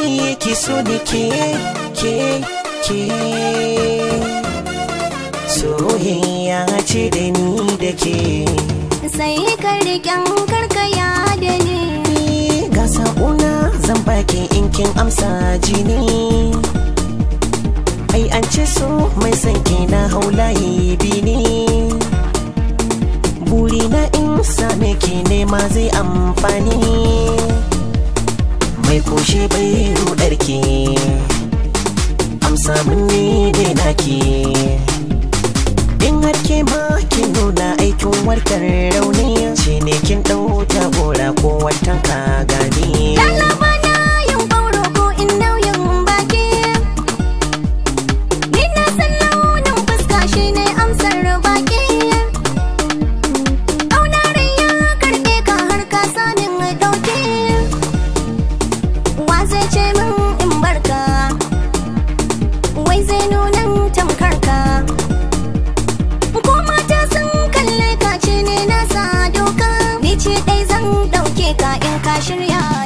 iya ki so ni ke ke ke soyayya ce da ni da ke sai ka rikin karkaya da ni eh, ga saƙona zan baki in kin amsa jini ai an ce so mai san ke na haulaye bini buri na in same ki nema zai amfani kaushe bai rudarki amsa mun ne dai naki in har ma kin nuna aikin warkar ce min in barka wai zai nunan tamkar ka ko mata sun kalle ka ce ne nasa doka ni ce ɗai zan ɗauke ka in ka shirya